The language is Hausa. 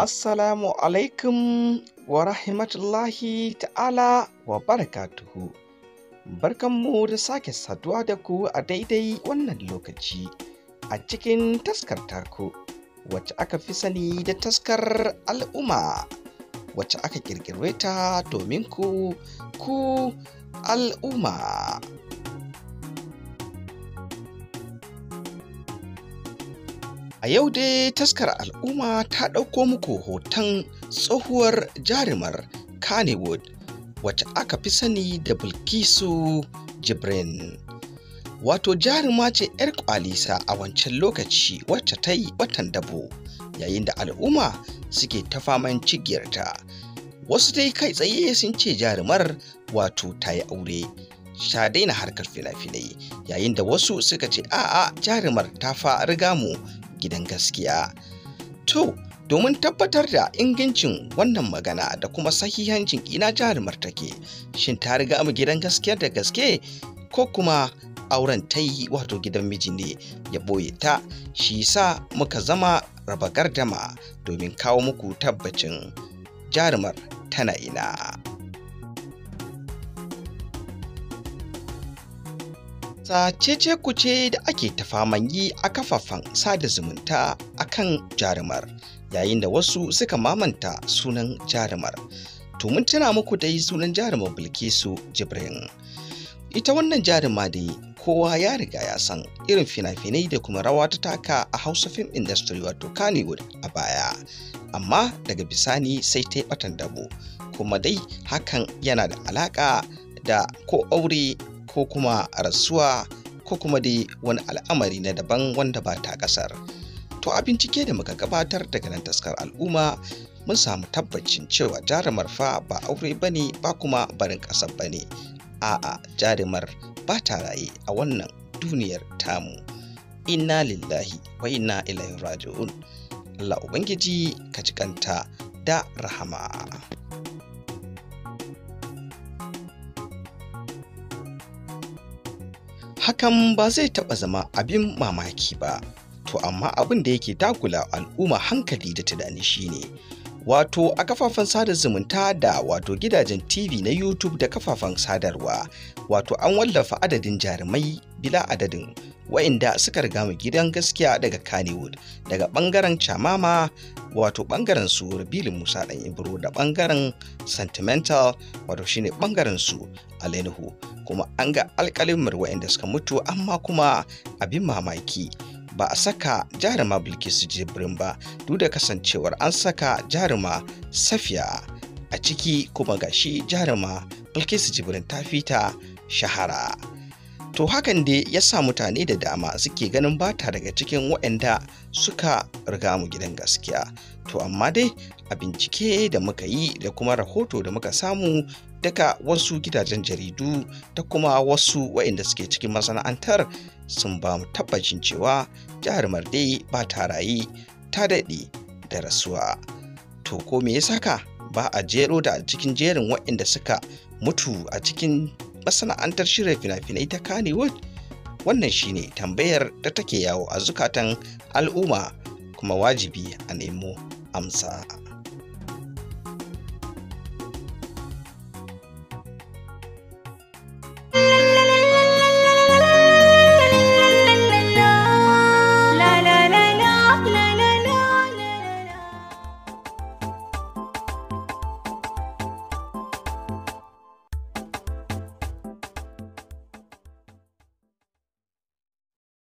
Assalamu alaikum wa rahimatullahi ta'ala wa barakatuhu. Barkanmu da sake saduwa da ku a daidai wannan lokaci a cikin taskar taku wacce aka fi sani da taskar al'umma wacce aka ƙirƙire ta domin ku ku al'umma. A yau dai taskar al'umma ta ɗauko muku hoton tsohuwar jarumar Kannywood wacce aka fi sani da Bilkisu Jibrin. Wato jaruma ce 'yar kwalisa a wancan lokaci wacce ta yi watan dabo yayin da al'umma suke ta faman cigiyarta. Wasu dai kai tsaye sun ce jarumar wato ta yi aure. sha daina harkar fina-finai yayin da wasu suka ce a'a jarumar ta fa riga mu gidan gaskiya. To, domin tabbatar da ingancin wannan magana da kuma sahihancin ina jihar martake shin ta riga mu gidan gaskiya da gaske ko kuma auren ta yi wato gidan miji ne ya boye ta shi sa muka zama raba gardama domin kawo muku tabbacin jarumar tana ina. ce cece-kuce da ake ta faman yi a kafafen sada zumunta a kan jarumar yayin da wasu suka mamanta sunan jarumar to mun tuna muku dai sunan jarumar bilkisu jibrin ita wannan jaruma dai kowa ya riga ya san irin fina-finai da kuma rawa ta taka a hausa film industry wato kannywood a baya amma daga bisani sai ta yi batan dabo kuma dai hakan yana da alaka da ko aure ko kuma rasuwa ko kuma dai wani al'amari na daban wanda ba ta ƙasar. To a bincike da muka gabatar daga nan taskar al'umma mun samu tabbacin cewa jarumar fa ba aure ba ne ba kuma barin ƙasar ba ne. A'a jarumar ba ta raye a wannan duniyar tamu. Ina lillahi wa inna ilayin raji'un. Allah Ubangiji ka kanta da rahama. hakan ba zai taɓa zama abin mamaki ba to amma abin da yake dagula al'umma hankali da tunani shine wato a kafafen sada zumunta da wato gidajen tv na youtube da kafafen sadarwa wato an wallafa adadin jarumai bila adadin wa'inda suka riga mu gidan gaskiya daga kannywood daga bangaren chamama wato bangaren su rabili Musa dan Ibro da bangaren Sentimental wato shine bangaren su Alenihu kuma an ga alƙalimar waɗanda suka mutu amma kuma abin mamaki ba a saka jaruma Bilkisu Jibrin ba duk da kasancewar an saka jaruma Safiya a ciki kuma gashi jaruma Bilkisu Jibrin ta fita shahara. to hakan da ya sa mutane da dama suke ganin bata daga cikin waɗanda suka riga mu gidan gaskiya to amma dai a bincike da muka yi da kuma rahoto da muka samu daga wasu gidajen jaridu ta kuma wasu waɗanda suke cikin masana'antar sun ba mu tabbacin cewa jihar marde ba ta rayu ta daɗe da rasuwa to ko me ya saka ba a jero da cikin jerin waɗanda suka mutu a cikin masana'antar shirya fina-finai ta Kannywood? Wannan shine tambayar da take yawo a zukatan al'umma kuma wajibi a nemo amsa.